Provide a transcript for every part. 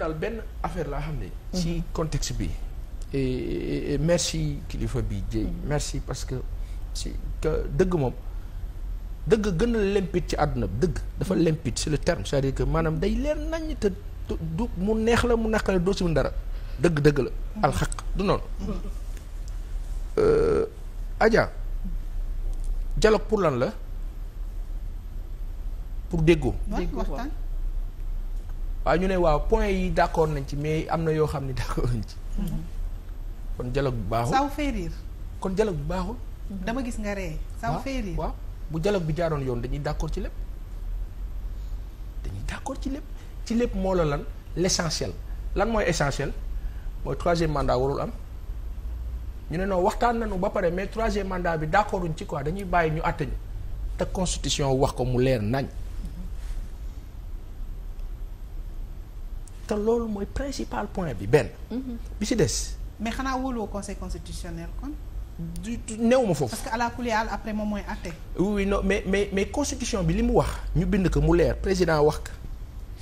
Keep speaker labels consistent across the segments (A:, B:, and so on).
A: daal benn affaire laa xam ne. Mhm. ci contexte bi. merci kilifa bi Dieye. Mhm. merci parce que si dëgg moom dëgg gën a limpide ci àdduna bi dëgg dafa mhm. limpide ci le terme cest dire que maanaam day leen naññ te du mu neex la mu naqare doo si mun dara dëgg dëgg la. alxaq du noonu. Euh, Adja dialogue pour lan la pour déggoo. waaw ñu ne waaw point yi d' accord nañ ci mais am na yoo xam ni d' accord ci. Mhm. kon dialogue bu baaxul. ça vous fait kon dialogue bu baaxul. dama gis nga ree. ça vous fait rire waaw bu dialogue bi jaaroon yoon dañuy d' ci lépp. dañuy d' ci lépp ci lépp moo la lan l' lan mooy essentiel mooy troisième mandat warul am. ñu ne non waxtaan nañu ba pare mais troisième mandat bi d'accorduñ ci quoi dañuy bàyyi ñu àtte ñu te constitution wax ko mu leer nañ te loolu mooy principal point bi benn. Mhm. bi ci des. mais xanaa wóoloo conseil constitutionnel kon. du néew ma foofu. parce que allah kulli après moom mooy àtte. oui non mais mais mais constitution bi li mu wax. ñu bind ko mu leer président wax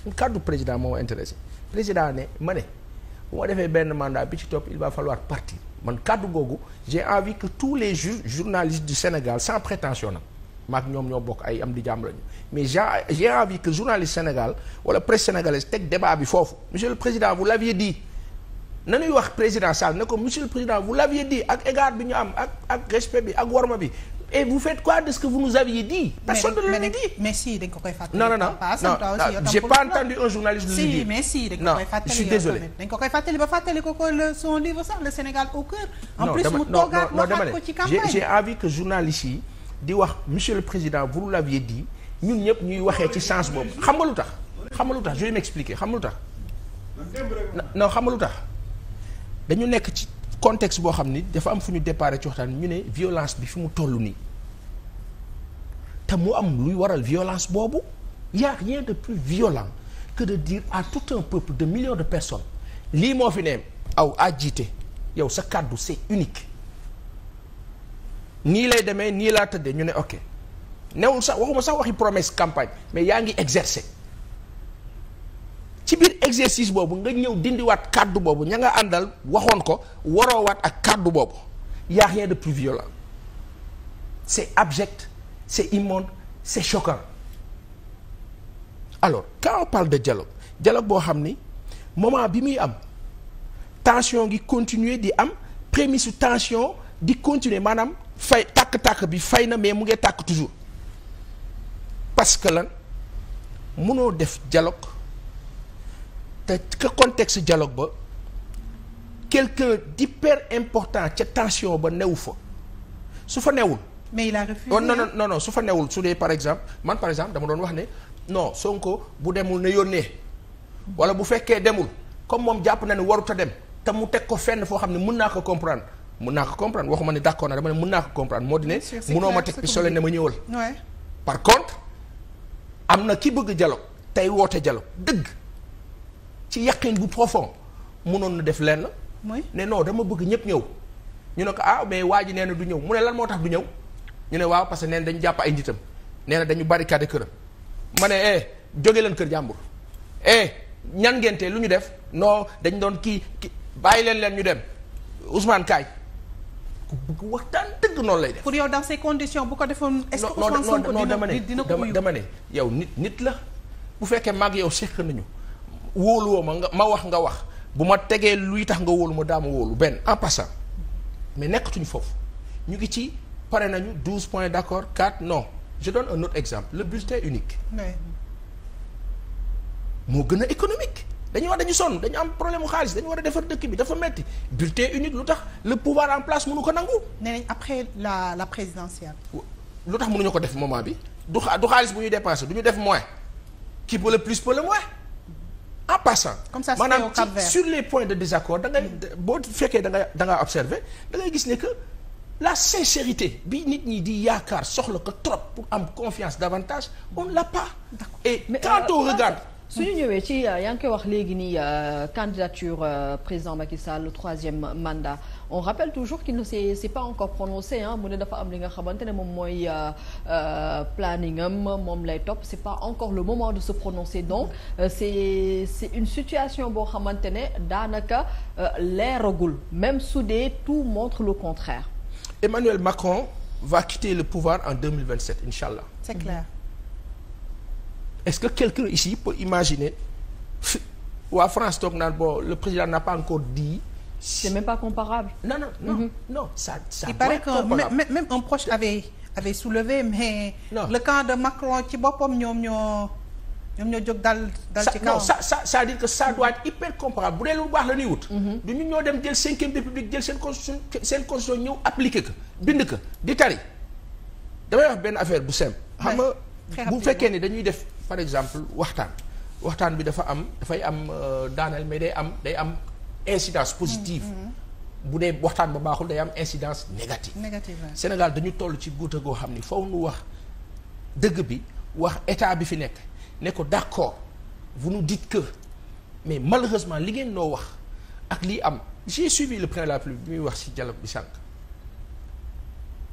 A: ko kàddu président moo intéressé président ne ma ne bu ma defee benn mandat bi ci topp il va falloir partir man kadd googu j'ai envie que tous les ju journalistes du Sénégal sans prétention nag maak ñoom ñoo bokk ay am di jàmm lañu mais j'ai envie que journaliste Sénégal wala presse sénégalaise teg débat bi foofu monsieur le président vous l'aviez dit nañuy wax président Sall ne ko monsieur le président vous l'aviez dit ak égard bi ñu am ak ak respect bi ak warma bi et vous faites quoi de ce que vous nous aviez dit. personne ne l'a dit ko koy fàttali. non non j'ai pas entendu un journaliste. si dire. mais si ko koy je suis désolé dañ ko koy fàttali ba fàttali ko ko le son livre sax le Sénégal au cœur. en plus di wax monsieur le président vous l'aviez dit ñun ñëpp ñuy waxee ci sens boobu xamalu nga lu tax. xam tax je vais m'expliquer xam nga lu tax. non xam nga tax dañu nekk ci contexte boo xam ni dafa am fu ñu départ ci waxtaan ñu ne violence bi fi mu toll nii te mu am luy waral violence boobu y a rien de plus violent que de dire à tout un peuple de millions de personnes lii moo fi ne aw à jiite yow sa kàddu c'est unique. nii lay demee nii laa tëddee ñu ne ok newul sax waxuma sax waxi promesse campagne mais yaa ngi exercer ci biir exercice boobu nga ñëw dindiwaat kàddu boobu ña nga àndal waxoon ko waroowaat ak kàddu boobu y a de plus violent c'est abject c'est immonde c'est choquant alors quand on de dialogue dialogue boo xam ni moment bi muy am tension ngi continuer di am prémisse tension di continuer maanaam fay tàkk-tàkk bi fay na mais mu ngi tàkk toujours parce que lan mënoo def dialogue te que contexte dialogue ba quelqu'un d'hyper important ca tension ba newu fa su fa newul. mais il a refusé oh, non non non su fa newul su dee par exemple man par exemple dama doon wax ne non Sonko bu demul na yónnee wala bu fekkee demul comme moom jàpp na ne warut a dem te mu teg ko fenn foo xam ne mën naa ko comprendre. mun naa ko comprendre waxuma ne d'accord ma dama ne mun naa ko comprendre moo di ne munoo ma teg pistolet ne ma ñëwal par contre am na ki bëgg jaloo tey woote jaloo dëgg ci yaqin bu profond munoon na def lenn ne non dama bëgg ñëpp ñëw ñu ne ko ah mais waa ji nee na du ñëw mu ne lan moo tax du ñëw ñu ne waaw parce que nee na dañu jàpp ay njitam nee na dañu barricade këram ma ne eh jóge leen kër jàmbur eh ñan ngeen lu ñu def noo dañ doon kii kii bàyyi leen leen ñu dem Ousmane ku bëgg waxtaan dëgg noonu lay def. pour yow dans ces condition bu ko defoon. est-ce que Ousmane Sonko dina dina dama ne yow nit nit la bu fekkee maag yow seq nañu wóoluwoo ma nga ma wax nga wax bu ma tegee luy tax nga wóolu ma daa ma wóolu benn en passant mais nekkatuñu foofu ñu ngi ci pare nañu douze points d'accord quatre non je donne un autre exemple le bulletin unique. moo gën a économique. dañu wax dañu sonn dañu am problème mu xaalis dañu war a defar dëkk bi dafa metti bulletin unique lu tax le pouvoir en place mënu ko nangu. nee nañ la la présidentielle. lu tax mënuñu ko def moment bi du xa du xaalis bu ñuy dépensé du ñu def moins qui peut le plus peut le moins en passant. comme ça maanaam sur les points de désaccord da ngay mm. boo fekkee da nga da nga observé da ngay gis ne que la sincérité bi nit ñi di yaakaar soxla ko trop pour am confiance davantage on l'a pas. et quand on regarde. su ñu ñëwee ci euh, yaa ngi koy wax léegi nii euh, candidature euh, président Macky Sall troisième mandat on rappelle toujours qu'il ne mu ne dafa am li nga xamante ne moom mooy planning am moom lay topp c'est pas encore le moment de se prononcer donc une situation boo xamante ne daanaka leeragul même su dee tout montre le contraire Emmanuel Macron va quitter le pouvoir en 2027 inchallah c'est clair est-ce que quelqu'un ici peut imaginer waa France toog naan bon le président n'a pas encore dit. c'est même pas comparable. non non non mm -hmm. il paraît que même, un proche avait avait soulevé mais. le camp de Macron ci boppam ñoom ñoo ñoom ñoo jóg dal. dal ci kaw ça ça ça veut dire que ça mm-hmm. doit bu dee lu baax la ñuy wut. Mm-hmm. du ñu ñoo dem jël cinquième république jël seen constitution seen constitution ñëw appliquer ko bind ko di tari damay wax benn affaire bu simple. xam nga bu fekkee ni dañuy def. par exemple waxtaan waxtaan bi dafa am dafay am euh, daaneel mais day am day am incidence positive mm-hmm. bu dee waxtaan ba baaxul day am insidence négative négative Sénégal dañu toll ci guuta goo xam ni faw nu wax dëgg bi wax état bi fi nekk ne ko d'accord vous nous dites que mais malheureusement li ngeen noo wax ak lii am j'ai suivi le président la République bi muy wax ci dialogue bi sànq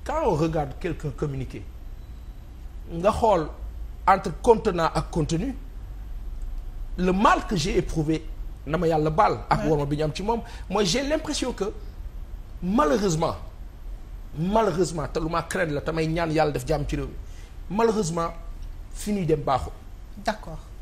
A: quand on regarde quelqu'un nga xool entre contenant ak contenu le mal que j'ai éprouvé na ma yàlla baal ak warma bi ñu am ci moom mooy j'ai l'impression que malheureusement malheureusement te lu ma craindre la tamay ñaan yàlla def jàmm ci réew malheureusement fi ñuy dem baaxul d'accord